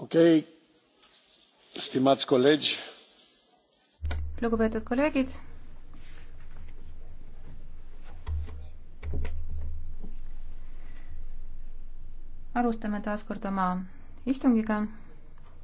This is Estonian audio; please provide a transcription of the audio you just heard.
okei okay., stimați colegi. lugupeetud kolleegid. alustame taas kord oma istungiga